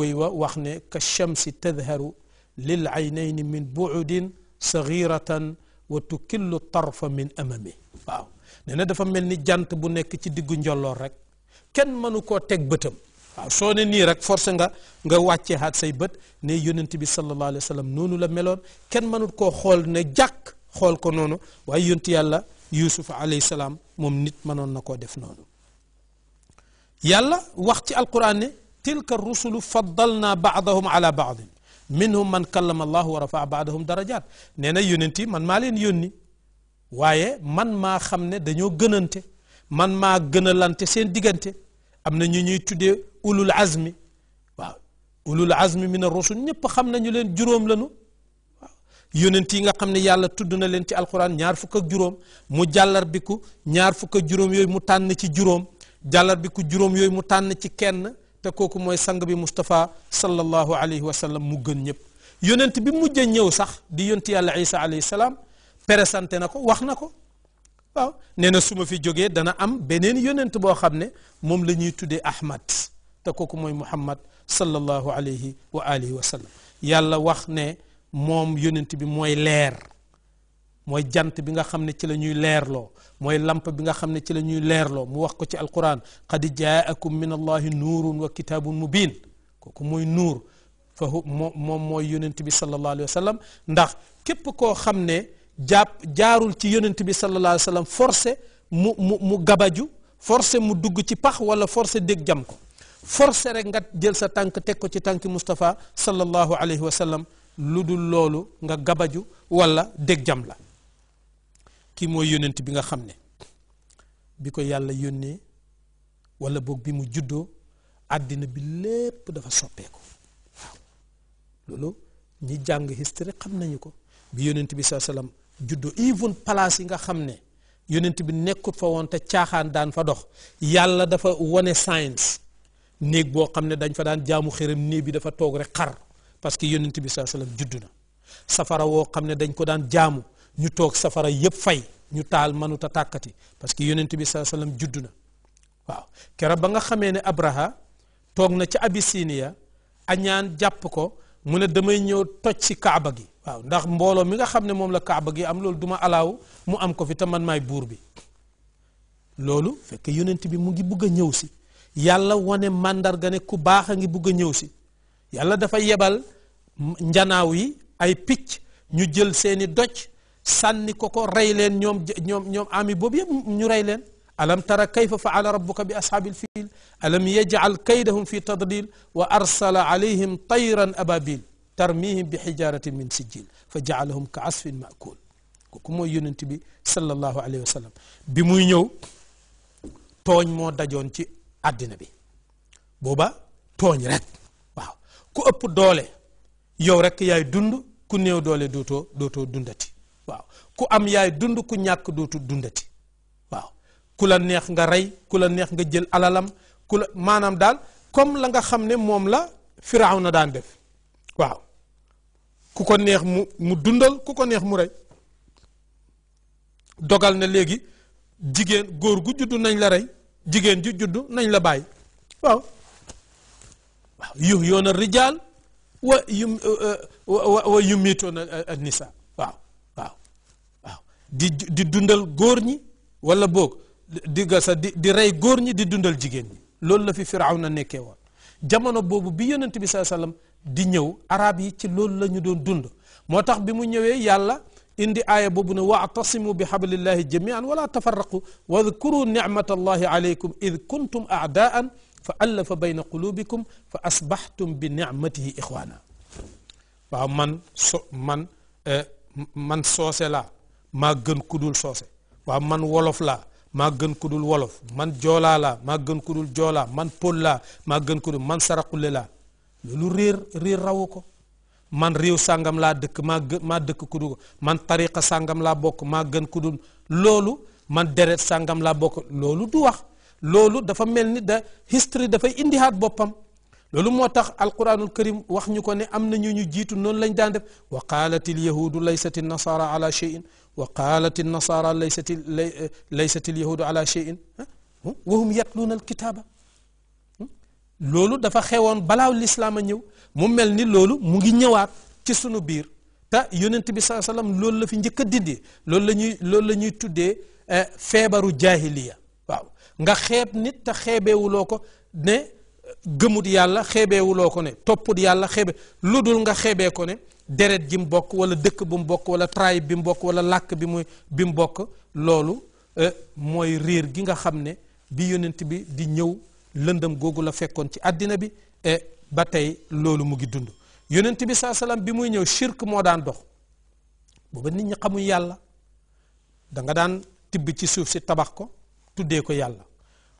وي وخني كالشمس تظهر للعينين من بعد صغيرة وتكل الطرف من أمامه واو نانا دا فامل ني جانت بو نيك سي ديغو نجولور رك كين مانوكو تك بتم واو سوني ني رك فورس nga nga واتي هات ساي بت ني يونت بي صلى الله عليه وسلم نونو لا ميلون كين مانوكو خول ني جاك خول كو نونو واي يونت يالا يوسف عليه السلام موم نيت مانون نكو ديف نونو يالا واخ سي القران ني تلك الرسل فضلنا بعضهم على بعض منهم من كلم الله ورفع بعضهم درجات نينا يوننتي من مالين يوني واي من ما خمني دانيو غننتي من ما غنلانتي سين ديغنتي امنا ني ني تودي اولو العزم وا اولو العزم من الرسل نيب خمنا ني لين جوروم لانو يوننتي nga xamne yalla tuduna len ci alquran ñaar fuk ak juroom mu jallar biku ñaar fuk ak juroom yoy mu tan ci juroom jallar biku juroom yoy mu tan ci kenn te kooku mooy sang bi Moustapha sallallahu alayhi wa sallam mu gën ñëpp yonent bi mujj ñëw sax di yonent yàlla Isa alayhi salaam présenté na ko wax na ko waaw nee na su ma fi jógee dana am beneen yonent boo xam ne moom la ñuy tuddee Ahmad te kooku mooy Muhammad sallallahu alayhi wa alihi wa sallam yàlla wax ne moom yonent bi mooy leer. moy jant bi nga xamne ci lañuy hamne leerloo lerlo. lamp bi nga xamne ci lañuy ñuy leerloo mu wax ko ci alquran qad jaakum min allahi nurun wa kitabun mubin koku moy nur? fa moom mooy yonent bi salallahu alayhi Wasallam. ndax kep ko xamne japp jaarul ci yonent bi salallahu alayhi Wasallam. forcé mu mu gabaju forcé mu dugg ci pax wala forcé deg jam ko forcé rek nga jël sa tank tek ko ci tanki mustafa salallahu alayhi Wasallam. ludul lolu nga gabaju wala deg jam la kii mooy yónent bi nga xam ne bi ko yàlla yónnee wala boog bi mu juddoo àddina bi lépp dafa soppeeku waaw loolu ñi jàng history xam nañu ko bi yónent bi saa salaam juddoo even palaas yi nga xam ne yónent bi nekkut fa woon te caaxaan daan fa dox yàlla dafa wane science néeg boo xam ne dañ fa daan jaamu xërëm néeg bi dafa toog rek xar parce que yónent bi saa salaam juddu na safara woo xam ne dañ ko daan jaamu ñu toog safara yépp fay ñu taal ta takati parce que yonent bi sallallahu alayhi judd waaw kera ba nga xamé né abraha tok na ci abisinia ya, ñaan japp ko mu ne damay ñëw toj ci kaaba gi waaw ndax mbolo mi nga xamné ne la kaaba gi am lool duma alaw mu am ko fi te man may buur bi loolu fekk yonent bi mu ngi bëgg ñëw ci yalla wane mandar gané ku baax nga bëgg ñëw ci yalla dafa yebal njanaaw yi ay picc ñu jël seeni docc sànni koko ko rey leen ñom ñom ñoom ami bob yeb ñu rey len alam tara kayfa faala rabbuka bi ashabil fil alam yaj'al kaydahum fi tadlil wa arsala alayhim tayran ababil tarmihim bi hijaratin min sijil faj'alahum ka'asfin ma'kul koku moy kooku yonent bi sallallahu alayhi wasallam bi muy ñëw togn mo dajon ci adina bi boba togn rek waaw ku upp doole yow rek yaay dund ku néew doole doto doto dundati waaw ku am yaay dund ku ñàkk dootu dundati waaw ku la neex nga rey ku la neex nga jël alalam ku la maanaam daal comme la nga xam ne moom la firaaw na daan def waaw ku ko neex mu mu dundal ku ko neex mu rey dogal na léegi jigéen góor gu juddu nañ la rey jigéen ju juddu nañ la bàyyi waaw waaw yu yoona rijaal wa yu wa yumiitoona uh, uh, nisa di dundal góor ñi wala bok di gassa di ray góor ñi di dundal jigen ñi loolu la fi fir'auna nekké won jamono bobu bi yonent bi saa sallam di ñëw arab yi ci loolu lañu doon dund motax bi mu ñewé yàlla indi aya bobu ne wa'tasimu bi xablillahi jamian wala tafarraqu wadkuru nicmata allahi alaykum id kuntum a'da'an fa allafa bayna qulubikum fa asbaxtum bi nicmatihi ixwaana waaw man man man soose maa gën ku dul soose waaw man wolof laa maa gën ku dul wolof man joolaa laa maa gën ku joolaa man pël laa maa gën ku man saraxule laa loolu réer réer raw ko man réew sàngam laa dëkk maa gën maa dëkk ku dul man tariqa sàngam laa bokk maa gën ku dul loolu man deret sàngam laa bokk loolu du wax loolu dafa mel ni da history dafay indi indihaat boppam lolu motax alquranul karim wax ñu ko ne amna ñu ñu jitu non lañ daan def wa qalatil yahud laysat an nasara ala shay'in wa qalat an nasara laysat laysat al yahud ala shay'in wa hum yatluuna alkitaaba lolu dafa xewon balaw lislaam ñëw mu melni lolu mu ngi ñewat ci sunu bir ta yonent bi sallam lolu la fi ñeuk didi lolu loolu la ñuy loolu la ñuy tuddee feebaru jaahiliya waaw nga xeb nit ta xeebeewuloo ko ne gëmut yàlla xeebeewuloo ko ne topput yàlla xeebe lu dul nga xeebee ko ne deret ji mu bokk wala dëkk bu mu bokk wala tribe bi mu bokk wala làkk bi muy bi mu bokk loolu euh, mooy réer gi nga xam ne bi yonent bi di ñëw lëndëm googu la fekkoon ci àddina bi ba tey loolu mu ngi dund yonent bi saa bi muy ñëw shirk moo daan dox booba nit ñi xamuñ yàlla danga daan tibb ci suuf si tabax ko tuddee ko yàlla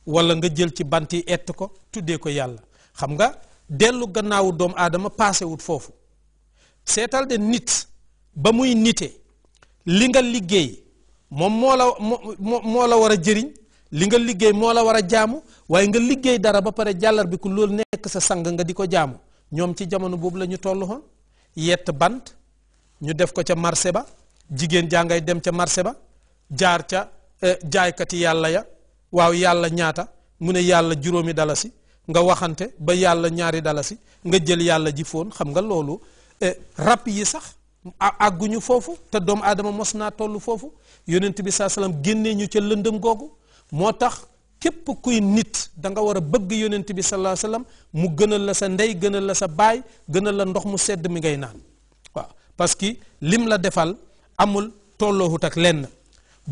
wala nga jël ci bant yi et ko tuddee ko yàlla xam nga dellu gannaawu doomu aadama paase wut foofu seetal de nit ba muy nite li nga liggéey moom moo la moo la war a jëriñ li nga liggéey moo la war a jaamu waaye nga liggéey dara ba pare jàllar bi ku loolu nekk sa sang nga di ko jaamu ñoom ci jamono boobu la ñu toll woon yett bant ñu def ko ca marché ba jigéen jaa ngay dem ca marché ba jaar ca eh, jaaykati yàlla ya waaw yàlla ñaata mu ne yàlla juróomi dalasi nga waxante ba yàlla ñaari dalasi nga jël yàlla ji foon xam nga loolu rab yi sax àgguñu foofu te doom aadama mos naa toll foofu yonent bi saa salaam génnee ñu ca lëndëm googu moo tax képp kuy nit da nga war a bëgg yonent bi salaa salaam mu gënal la sa ndey gënal la sa baay gënal la ndox mu sedd mi ngay naan waaw parce que lim la defal amul tolloohut ak lenn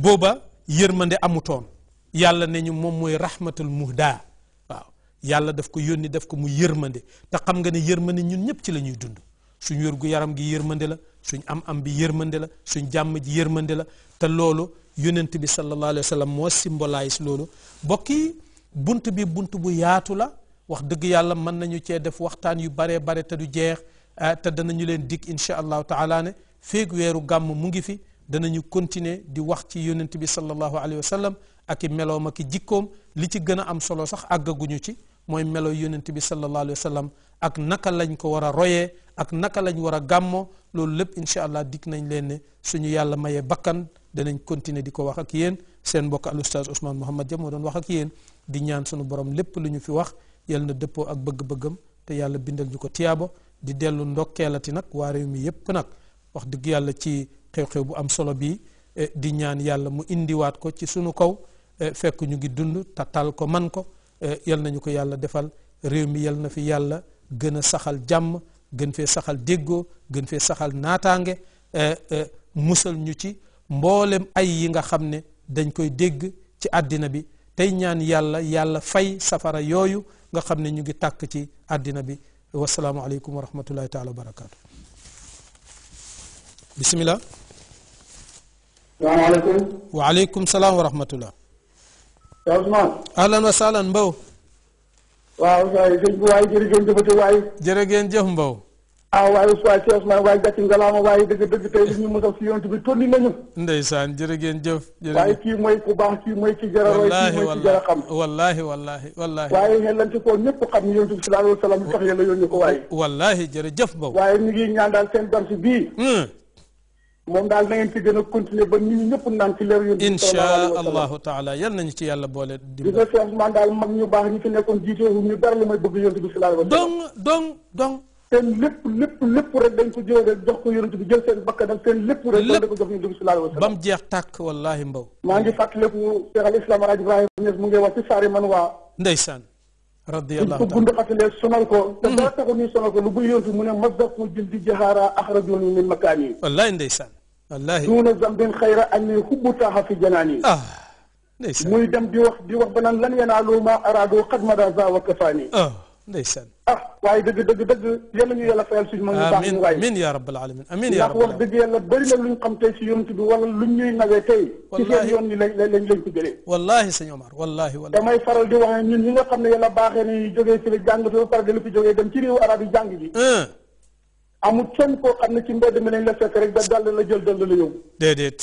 booba yërmande amutoon yàlla ne ñu moom mooy rahmatul muhda waaw yàlla daf ko yónni daf ko mu yërmande te xam nga ne yërmande ñun ñëpp ci la ñuy dund suñ wér gu yaram gi yërmande la suñ am am bi yërmande la suñ jàmm ji yërmande la te loolu yonent bi sallallahu alayhi wa sallam moo symbolise loolu bokk yi bunt bi bunt bu yaatu la wax dëgg yàlla mën nañu cee def waxtaan yu baree bare te du jeex te danañu leen dig incha allahu taala ne feeg weeru gàmm mu ngi fi danañu continuer di wax ci yonent bi sallallahu alayhi wa sallam ak i meloom ak i jikkoom li ci gën a am solo sax àggaguñu ci mooy melo yonent bi sallallahu alayhi wa sallam ak naka lañ ko war a royee ak naka lañ war a gàmmoo loolu lépp incha allah dikk nañ leen ne suñu yàlla mayee bakkan danañ continuer di ko wax ak yéen seen mbokk al oustaz Ousmane Mouhamed Dia moo doon wax ak yéen di ñaan suñu borom lépp lu ñu fi wax yal na dëppoo ak bëgg-bëggam te yàlla bindal ñu ko tiyaabo di dellu ndokkeelati nag waa réew mi yépp nag wax dëgg yàlla ci xew-xew bu am solo bii eh, di ñaan yàlla mu indiwaat ko ci sunu kaw Eh, fekk ñu ngi dund tatal ko man ko eh, yal nañu ko yàlla defal réew mi yal na fi yàlla gën a saxal jàmm gën fee saxal déggoo gën fee saxal naataange eh, musal ñu ci mboolem ay yi nga xam ne dañ koy dégg ci àddina bi tey ñaan yàlla yàlla fay safara yooyu nga xam ne ñu ngi tàkk ci àddina bi wasalaamualeykum wa rahmatullahi taala wa barakaatu bisimilah. salaamaaleykum. waaleykum salaam wa yaa Ousmane. ahlan wa sahlan Mbow. waaw waaye sëñ bi waaye jërëjëf jëfate waaye. jërëjëf Mbow. ah waaye waaye Cheikh Ousmane waaye gàcce ngalaama waaye dëgg dëgg tey li ñu mos a si yonent bi tonni nañu. ndeysaan jërëjëf. jërëjëf waaye kii mooy ku baax kii ki jar a roy kii mooy ki jar a xam. wallaahi wallaahi waaye xelante ko ñëpp xam ni yonent bi sallallahu alayhi wa sallam tax yàlla yónni ko waaye. wallaahi jërëjëf Mbow. waaye ñu ngi seen dars bii. Hmm. moom daal na ngeen ci gën a ba nit ñi ñëpp naan ci leer yoon incha allahu taala yal nañu ci yàlla boole di nga Cheikh Ousmane daal mag ñu baax ñu fi nekkoon jiite wu ñu dara lu may bëgg yonent bi sallallahu alayhi wa lépp lépp lépp rek dañ ko jël rek jox ko yonent bi jël seen bakkanam seen lépp rek dañ ko jox yonent bi sallallahu alayhi wa sallam ba mu jeex tàkk wallahi mbaw maa ngi fàttaliku Cheikh al Islam Alaaji Ibrahima Niass mu ngi wax ci saari man waa ndeysaan radiyallahu taala ko gund xatalee sonal ko mm-hmm. te dara taxul ñuy sonal ko lu buy yonent mu ne mazaqu jildi jahaara axrajuni min makaani wallahi ndeysaan الله دون ذنب خير ان يخبطها في جناني اه ليس مو دم دي وقت دي وقت بنان لن ينالوا ما ارادوا قد مضى ذا وكفاني اه ليس اه واي دغ دغ دغ يمن يلا فيل سي من امين امين يا رب العالمين امين يا رب العالمين دغ يلا بري لا لون قمت سي يوم تدو ولا لون ني نغي تاي والله يوم ني لا لنج لنج تجلي والله سي عمر والله والله دمي فرال دي وان ني نيغا خامني يلا باخي ني جوغي سي جانغ تو فرال دي لو في جوغي دم سي ريو عربي جانغ جي اه amul kenn ko xam ne ci mbedd mi nañ la fekk rek da dàll la jël dàll la yow. déedéet.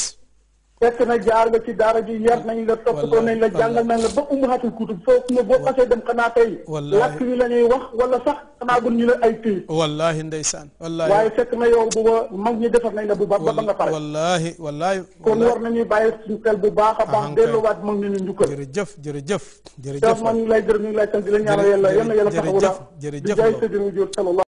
fekk na jaar nga ci daara ji yar nañ la toppatoo nañ la jàngal nañ la ba ummahatul kutub foofu nga boo xasee dem xanaa tey la ñuy wax wala sax xanaa gun ñu la ay kii wallahi ndeysaan wallahi waaye fekk na yow bu ba mag ñi defar nañ la bu baax ba ba nga pare wallahi wallahi kon war nañuy bàyyi suñu xel bu baax a baax delluwaat mag ñu ñu njukkal jërëjëf jërëjëf jërëjëf man ñu ngi lay gërëm ñu ngi lay sant di la ñaanal yàlla yàlla yàlla taxawu la jërëjëf jërëjëf